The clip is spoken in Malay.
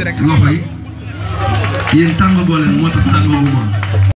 Il y a un tango bol et moi,